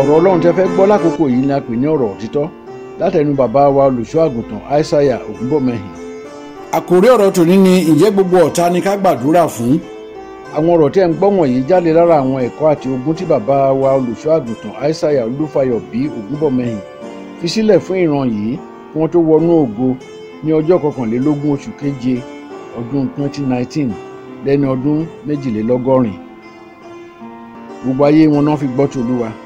ọ̀rọ̀ ọlọ́run tẹ́ fẹ́ gbọ́ lákòókò yìí ni a pè ní ọ̀rọ̀ òtítọ́ látẹnu bàbá wa olùṣọ́ àgùntàn aishaiya ògúnbọ̀mẹ́hìn. àkòrí ọ̀rọ̀ tòní ni ǹjẹ́ gbogbo ọ̀tá ni ká gbàdúrà fún. àwọn ọ̀rọ̀ tí ẹ̀ ń gbọ́ wọ̀nyí jáde lára àwọn ẹ̀kọ́ àti ogun tí bàbá wa olùṣọ́ àgùntàn aishaiya olúfayọ bí ògúnbọ̀mẹ́hìn fi sílẹ̀ fún ìran yìí kí wọ́n tó wọnú ògo ní ọjọ́ kọkànlélógún oṣù keje ọdún 2019 lẹ́ni ọdún méjìlélọ́gọ́rin gbogbo ayé wọn náà fi gbọ́ tòlúwa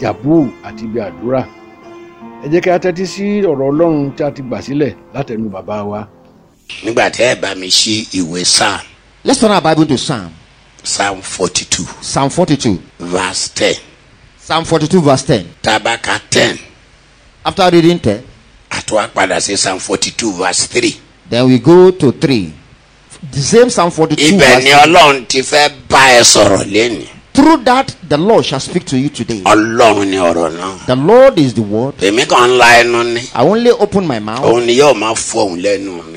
jàbúù àti ibi àdúrà ẹ jẹ́ kí a tẹ́tí sí ọ̀rọ̀ ọlọ́run tí a ti gbà sílẹ̀ látẹnu bàbá wa. nígbà tí ẹ bá mi ṣí ìwé psalm. let's turn our bible to psalm. psalm forty-two. psalm forty-two. verse ten. psalm forty-two verse ten. tabaka ten. after reading ten. àtúwà padà sí psalm forty-two verse three. then we go to three. the same psalm forty-two verse ten. ibẹ̀ ni ọlọ́run ti fẹ́ bá ẹ sọ̀rọ̀ lẹ́nu. through that the lord shall speak to you today. the lord is the word. i only open my mouth.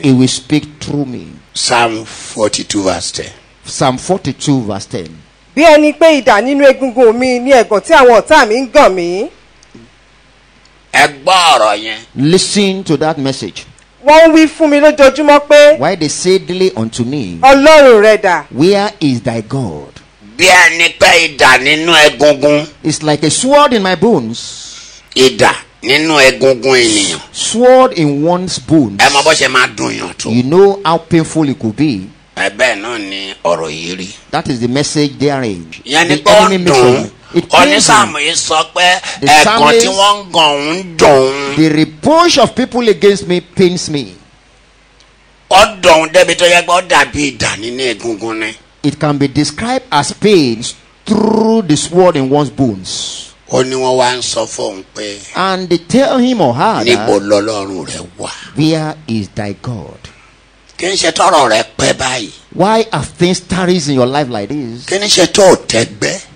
he will speak through me. psalm forty-two verse ten. psalm forty-two verse ten. bí ẹni pé idà nínú egungun mi ni ẹ̀gàn tí àwọn ọ̀tá mi ń gàn mí. ẹ gbọ́ ọ̀rọ̀ yẹn. listen to that message. wọ́n wí fún mi lójoojúmọ́ pé. why they say daily unto me. ọlọ́run rẹ dà. where is thy God. bí ẹni pé idà nínú egungun. it's like a sword in my bones. idà nínú egungun ènìyàn. sword in one's bones. ẹ mọ bó ṣe máa dùn yàn tó. you know how painful it could be. ẹ bẹ́ẹ̀ náà ni ọ̀rọ̀ yìí rí. that is the message therein. yẹn ni pé ó dùn onísàmù yìí sọ pé ẹ̀kan tí wọ́n gàn ń dùn. the reproach of people against me pains me. ọ̀dọ̀ débi tó yẹ pé dàbí idà nínú egungun ni. it can be described as pains through the sword in one's bones. And they tell him or her that where is thy God? Why are things tarries in your life like this?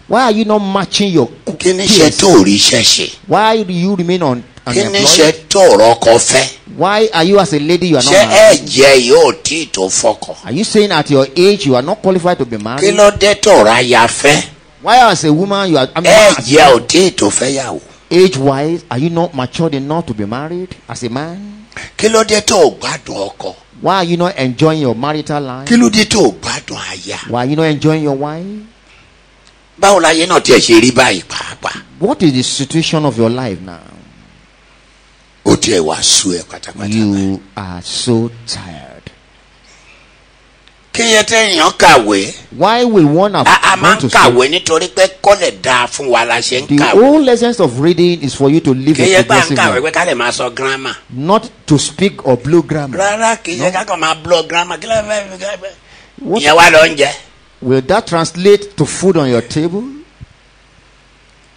Why are you not matching your Why do you remain on why are you as a lady you are not married. are you saying at your age you are not qualified to be married. why as a woman you are. ì age wise are you not matured enough to be married as a man. why are you not enjoying your marital life. why are you not enjoying your wife. what is the situation of your life now. you are so tired. Why will one have a, want to kàwé nítorí pé kọ́ lè fún wa la ṣe ń The whole essence of reading is for you to live a progressive life. Not to speak or blow grammar. Rárá kì í ṣe ká máa blow grammar kí ló fẹ́ fi ká. Ìyẹn wá ló Will that translate to food on your table?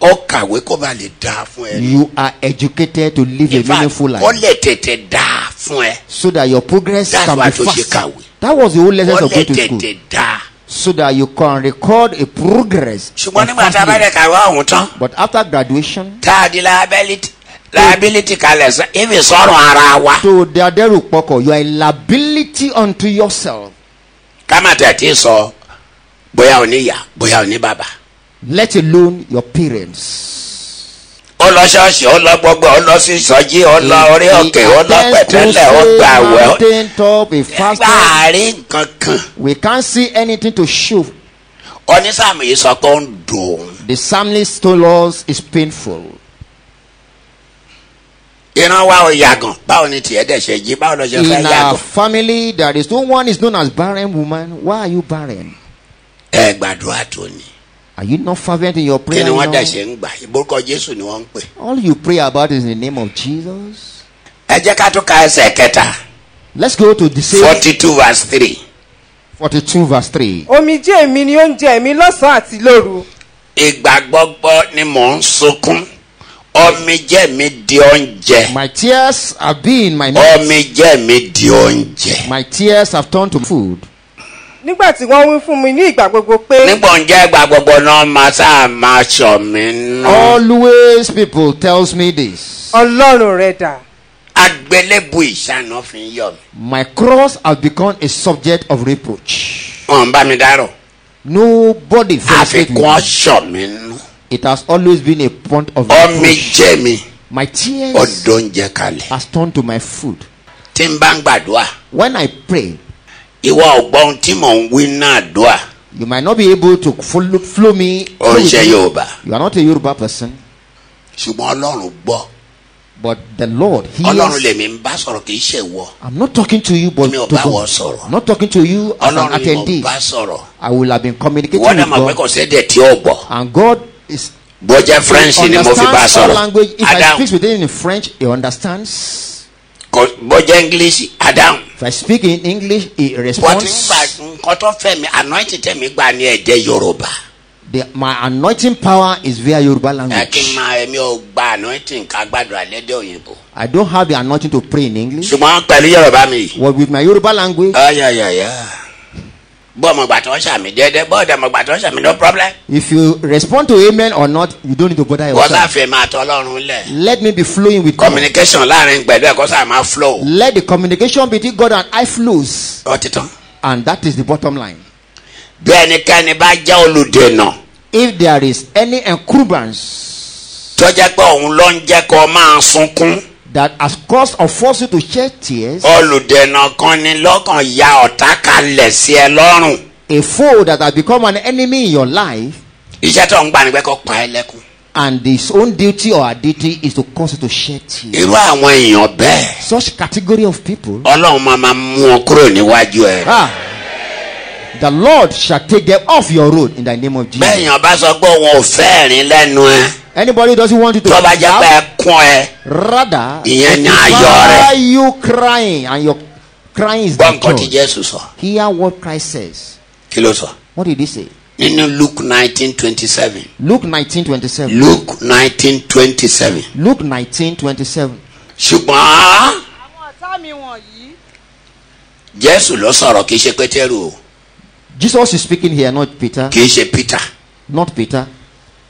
ọ kàwé kó ba lè da fún ẹ. you are educated to live a meaningful life. kọ́ lè tètè da fún ẹ. so that your progress That's can be fast. that's why tó ṣe kàwé. that was the whole lesson of going to school. kọ́ tètè da. so that you can record a progress. ṣùgbọ́n nígbà tá a bá dẹ̀ kàwé ọ̀hún tán. but after graduation. tá a di liability liability kalẹ̀ sẹ́ ibi sọ̀rọ̀ ara wa. so dadẹ́rù pọkọ you are a liability unto yourself. ká má tẹ̀ sọ bóyá o ní ìyá bóyá o ní bàbá let alone your parents. ọlọ ṣọ́ọ̀ṣì ọlọ gbogbo ọlọ sísọjí ọlọ orí òkè ọlọ pẹ̀tẹ́lẹ̀ ọgbà àwẹ̀ láàrin kankan. we can't see anything to show. onísàmì yìí ń dùn. the family told is painful. ìran wa ò yàgàn báwo ni tiẹ̀ dẹ̀ ṣe jí báwo lọ ṣe fẹ́ yàgàn. in our family there is no one is known as barren woman why are you barren. ẹ gbàdúrà tó ni. Are you not fervent in your prayer? kí ni wọ́n dẹ̀sẹ̀ ń gbà ìbórúkọ Jésù ni wọ́n ń pè. All you pray about is in the name of Jesus. ẹ jẹ́ ká tún ka ẹsẹ̀ kẹta. Let's go to the same. forty two verse three. forty two verse three. omijé mi ni oúnjẹ mi lọ́sàn-án àti lóru. ìgbà ni mò ń sunkún omijé mi di oúnjẹ. my tears have been my. omijé mi di oúnjẹ. my tears have turned to food nígbà tí wí fún mi ní ìgbà gbogbo pé. nígbà ń jẹ́ ìgbà gbogbo náà máa sáà máa ṣọ̀ mí nù. always people tells me this. ọlọ́run rẹ̀ dà. àgbélébù ìṣáná fi ń yọ mi. my cross has become a subject of reproach. wọn bá mi dárò. nobody fẹ́ẹ́ fẹ́ mi. àfikún ọ̀ṣọ́ mi nù. it has always been a point of reproach. omi jẹ́ mi. my tears. ọdọ oúnjẹ kalẹ̀. has turned to my food. tí n bá ń gbàdúrà. when I pray. ìwà ohun tí mò ń wí náà dùà. you might not be able to follow, flow me. o ń ṣe yorùbá. you are not a yorùbá person. ṣùgbọ́n ọlọ́run gbọ́. but the lord he is. ọlọ́run lèmi ń bá sọ̀rọ̀ kì í ṣe wọ. i'm not talking to you but to sọ̀rọ̀. i'm not talking to you as an attendee. ọlọ́run bá sọ̀rọ̀. i will have been communicating with God. wọ́n dà pé kò tí ó gbọ́. and God is. bó french ni mo fi bá sọ̀rọ̀. understands all language if Adam. i speak with him in french he understands. bọ́jẹ́ english Adam. if i speak in english he responds. but nígbà nǹkan tó fẹ́ mi anointing tẹ̀mí gbà ní èdè yorùbá. The, my anointing power is via Yoruba language. I don't have the anointing to pray in English. But with my Yoruba language. Ah, yeah, yeah, yeah bọ́ ọmọ ìgbà tó ń ṣàmì déédéé bọ́ ọ̀dẹ̀ ọmọ no problem. if you respond to amen or not you don't need to bother yourself. wọ́n láfẹ̀ẹ́ máa tọ́ ọlọ́run lẹ̀. let me be flowing with God. communication láàrin pẹ̀lú ẹ̀kọ́ sáà máa flow. let the communication between God and I flows. ó ti tán. and that is the bottom line. bí ẹnikẹ́ni bá jẹ́ olùdènà. if there is any encumbrance. tó pé òun ló ń jẹ́ kó máa sunkún that has caused or forced you to shed tears. olùdènà ya ọ̀tá kalẹ̀ sí ẹ lọ́rùn. a foe that has become an enemy in your life. iṣẹ́ tó ń gbà ní pé pa ẹ lẹ́kùn. and his own duty or her duty is to cause you to shed tears. irú àwọn èèyàn bẹ́ẹ̀. such category of people. ọlọ́run máa ma mú wọn kúrò níwájú ẹ. Ah, the lord shall take them off your road in the name of jesus. bẹ́ẹ̀ yàn sọ pé òun ò fẹ́ rìn lẹ́nu ẹ anybody doesn't want you to. tọ́ba jẹ́ pé kún ẹ. rather ìyẹn ní ayọ̀ rẹ. why you crying and your crying is the truth. gbọ́n kọ́ ti Jésù sọ. hear what Christ says. kí ló sọ. what did he say. nínú Luke nineteen twenty seven. Luke nineteen twenty seven. Luke nineteen twenty seven. Luke nineteen twenty seven. ṣùgbọ́n. àwọn ọ̀tá mi wọ̀nyí. Jésù ló sọ̀rọ̀ kì í ṣe Pétérù o. Jesus is speaking here not Peter. kì í ṣe Peter. not Peter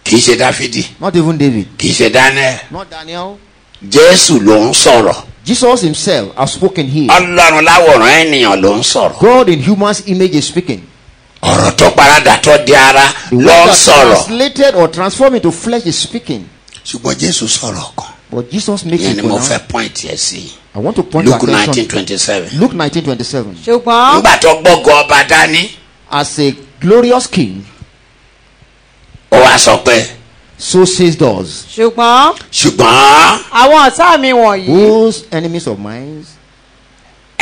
kì í ṣe dáfídì. not even david. kì í ṣe daniel. not daniel. jésù ló ń sọ̀rọ̀. jesus himself has spoken here. ọlọ́run láwòrán ènìyàn ló ń sọ̀rọ̀. god in human's image is speaking. ọ̀rọ̀ tó paradà tó di ara ló ń sọ̀rọ̀. translated or transformed into flesh is speaking. ṣùgbọ́n jésù sọ̀rọ̀ kan. but jesus makes it go now. point yẹn sí. I want to point Luke your attention. Luke 1927. Luke seven ṣùgbọ́n. nígbà tó gbọ́ gọ́ dání. as a glorious king ó wá sọ pé. so says thus. ṣùgbọ́n. ṣùgbọ́n. àwọn ọ̀tá mi wọ̀nyí. Whose enemies of mine.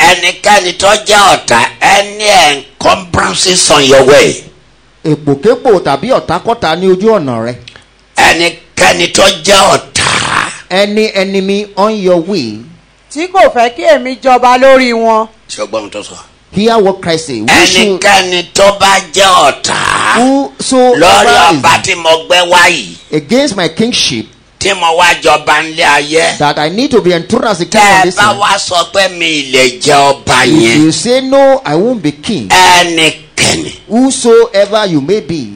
ẹnikẹ́ni tó jẹ́ ọ̀tá any encumbrances on your way. èpòképò tàbí ọ̀tákọ́ta ní ojú ọ̀nà rẹ. ẹnikẹ́ni tó jẹ́ ọ̀tá. any enemy on your way. tí kò fẹ́ kí èmi jọba lórí wọn. ṣùgbọ́n mi tó sọ. So hear what Christ say. ẹnikẹ́ni tó bá jẹ́ ọ̀tá. so lórí ọba tí mo gbé wá yìí. against my kingship. tí mo wá jọba nílé ayé. that I need to be enthroned as a king of this land. tẹ́ ẹ bá wá sọ pé mi lè jẹ ọba yẹn. you say no I won't be king. ẹnikẹ́ni. whosoever you may be.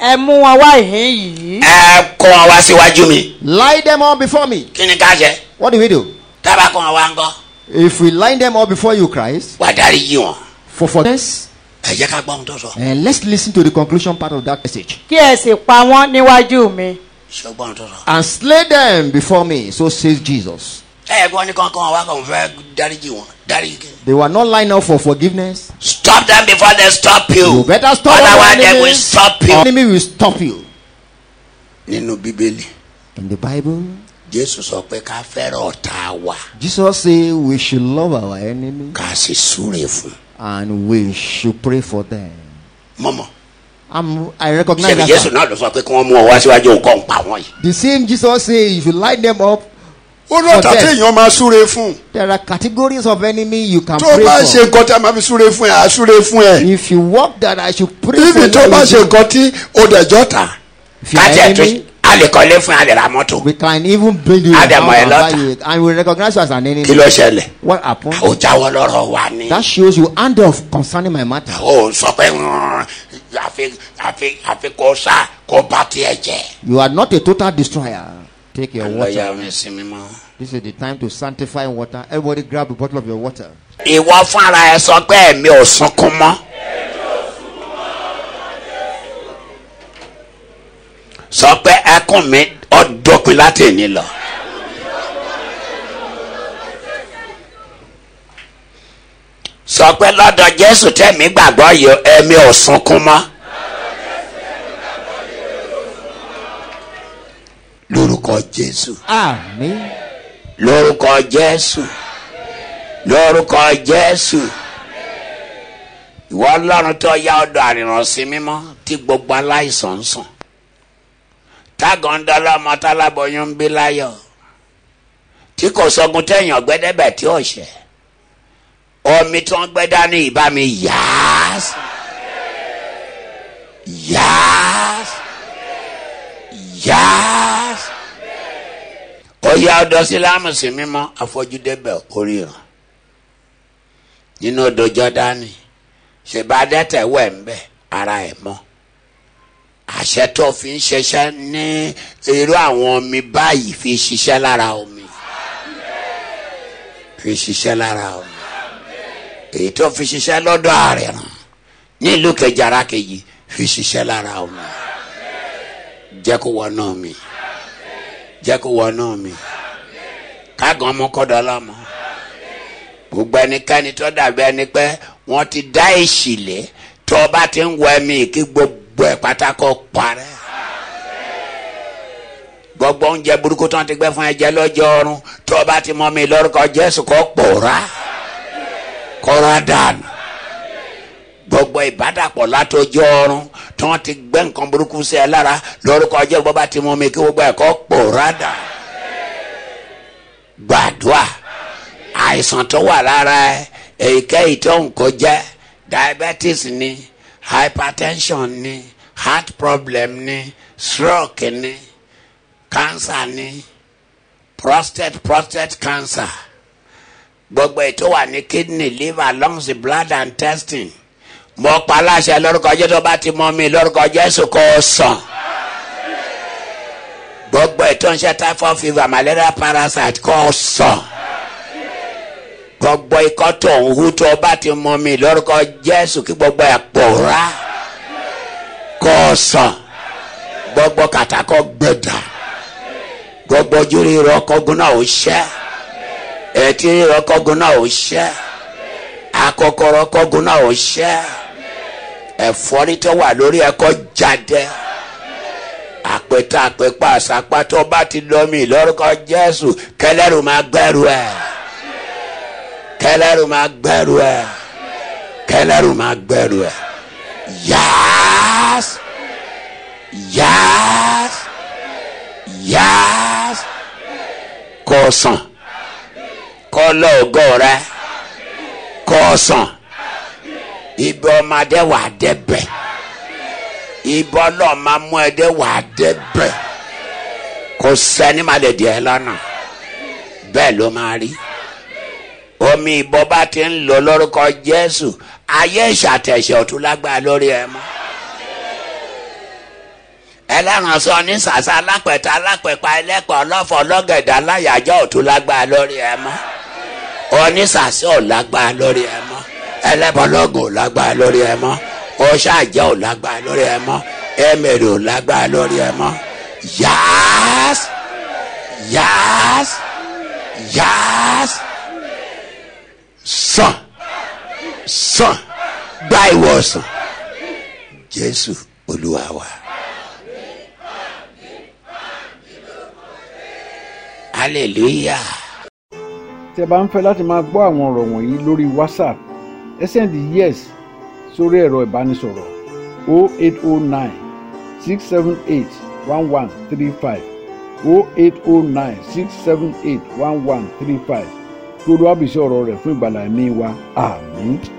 ẹ mú wọn wá ìhín yìí. ẹ kó wọn wá síwájú mi. lie them all before me. kí ni ká ṣe. what do we do. tábà kó wọn wá ń gbọ́ if we line them up before you Christ. wà á darí yí wọn. for forgiveness. ẹ jẹ́ ká gbọ́ ohun tó sọ. and eh, let's listen to the conclusion part of that message. kí ẹ sì pa wọ́n níwájú mi. ṣé gbọ́ ohun tó sọ. and slay them before me so says Jesus. ẹ gbọ́ ní kankan wá kàn fẹ́ dáríjì wọn dáríjì. they were not lined up for forgiveness. stop them before they stop you. you better stop them. otherwise they will stop you. enemy will stop you. nínú bíbélì. in the bible jésù sọ pé ká fẹ́ràn ọ̀tá wa. jesus say we should love our enemies." ká sì súre fún. and we should pray for them. mọ́mọ́. I'm, I recognize that. ṣe náà ló sọ pé kí wọ́n mú ọ wá síwájú nǹkan pa the same jesus say if you light them up. ó lọ tà tí èèyàn máa súre fún. there are categories of enemy you can pray for. tó bá ṣe nǹkan tí a máa fi súre fún ẹ a súre fún ẹ. if you work that I should pray for you. ibi tó bá ṣe nǹkan tí o dẹjọ́ ta. if you enemy a lè kọ́lé fún alẹ́ ra mọ́tò. we can even bring you a dẹ̀ mọ̀ ẹ lọ́tà and we recognize you as an enemy. kí ló ṣẹlẹ̀. what happened? o jáwọ́ lọ́rọ̀ wa ni. that shows you hand off concerning my matter. o sọ pé hmm, àfi àfi àfi kò sá kò bá tiẹ̀ jẹ. you are not a total destroyer. take your water. àlọ́ yà mí sí this is the time to sanctify water everybody grab a bottle of your water. ìwọ fúnra ẹ sọ pé èmi ò sunkún mọ́. Yeah. sọ pé ẹkún mi ọdọpin láti ẹni lọ. sọ pé lọ́dọ̀ jésù tẹ̀mí gbàgbọ́ yìí ẹ̀mí ò sunkún mọ́. lórúkọ jésù. àmín. lórúkọ jésù. lórúkọ jésù. ìwọ ọlọ́run tó yá ọ̀dọ̀ àrìrànsí mímọ́ tí gbogbo aláìsàn ń sàn tágọ̀ndọ́lá ọmọ tálábọ̀yún ń bí láyọ̀ tí kò sọgun tẹ̀yàn gbẹ́dẹ́bẹ̀ tí ò ṣẹ̀ omi tí wọ́n gbẹ́ dání mi yáás yáás yáás ó yá ọdọ sílámù sí mímọ́ àfojúdébẹ̀ oríran nínú odò jọdani ṣèbá dẹ́tẹ̀ wẹ̀ ń bẹ̀ ara ẹ̀ mọ́ àṣẹ tó fi ń ṣiṣẹ́ ní irú àwọn omi báyìí fi ṣiṣẹ́ lára omi fi ṣiṣẹ́ lára omi èyí tó fi ṣiṣẹ́ lọ́dọ̀ àrẹ̀ràn nílùú kẹjàrá kejì fi ṣiṣẹ́ lára omi jẹ́ kó wọnú mi jẹ́ kó wọnú mi kágan mú kọ́dọ̀ lọ́mọ gbogbo ẹnikẹ́ni tó dàbí ẹni pé wọ́n ti dá èsì lé tó o bá ti ń wọ ẹ̀mí kí gbogbo gbogbo ẹ̀ pátákó parẹ́ gbogbo oúnjẹ burúkú tó ń ti gbẹ fún ẹjẹ lọ́jọ́ ọ̀run tó bá ti mọ mi lórúkọ Jésù kó pòórá kóra dànù gbogbo ìbádàpọ̀ látọjọ́ ọ̀run tó ń ti gbẹ nǹkan burúkú sí ẹ lára lórúkọ Jésù bó bá ti mọ mi kí gbogbo ẹ̀ kó pòórá dànù gbàdúà àìsàn tó wà lára ẹ èyíkéyìí tó ń kọjá diabetes ni hypertension ni heart problem ni stroke ni cancer ni prostate prostate cancer gbogbo ètò wà ní kidney liver lungs blood and testing mo pa aláṣẹ lórúkọ jésù tó bá ti mọ mi lórúkọ jésù kò sàn gbogbo ètò ń ṣe typhoid fever malaria parasite kò sàn. gbogbo ikoto tó ń hu tó bá ti mọ mi lórúkọ jésù kí gbogbo ẹ̀ pòórá gbogbo katakọ gbẹ̀dà gbogbo ojú rírọ náà ṣẹ́ etí rírọ náà ṣẹ́ akọkọ ọkọ̀gun náà ò ṣẹ́ tó lórí ẹkọ jáde kẹlẹ́rù máa gbẹ́rù ẹ̀ kẹlẹ́rù máa gbẹ́rù ẹ̀ yáás yáás yáás kó sàn kó lọ ògo rẹ kó sàn ibi ọmọdé wà débẹ̀ ibi ọlọ́ọ̀mọ wà débẹ̀ kò sẹ́ni má lè dìé lọ́nà ló máa rí omi ìbọn bá ti ń lọ lórúkọ jésù ayé ìṣàtẹ̀ṣẹ̀ ọ̀tún lágbára lórí ẹ mọ́ ẹlẹ́ran sọ ní sàṣà alápẹ̀tà alápẹ̀pà ẹlẹ́pàá ọlọ́fọ̀ ọlọ́gẹ̀dẹ̀ aláyàjọ́ ọ̀tún lágbára lórí ẹ mọ́ onísàṣẹ ò lágbára lórí ẹ mọ́ ẹlẹ́bọ̀lọ́gùn ò lágbára lórí ẹ mọ́ ọṣàjẹ́ ò lágbára lórí ẹ mọ́ ẹ̀mẹ̀rẹ̀ ò lágbára lórí ẹ mọ́ yáás yáás yáás san san gba ìwòsàn jésù olúwa wa. hallelujah. tí ẹ bá ń fẹ́ láti máa gbọ́ àwọn ọ̀rọ̀ wọ̀nyí lórí whatsapp ẹ sẹ́ndì yes sórí ẹ̀rọ ìbánisọ̀rọ̀ 0809 678 1135 0809 678 1135 kí olúwa bùsí ọ̀rọ̀ rẹ̀ fún ìgbàlà ẹ̀mí wa àmín. Ah,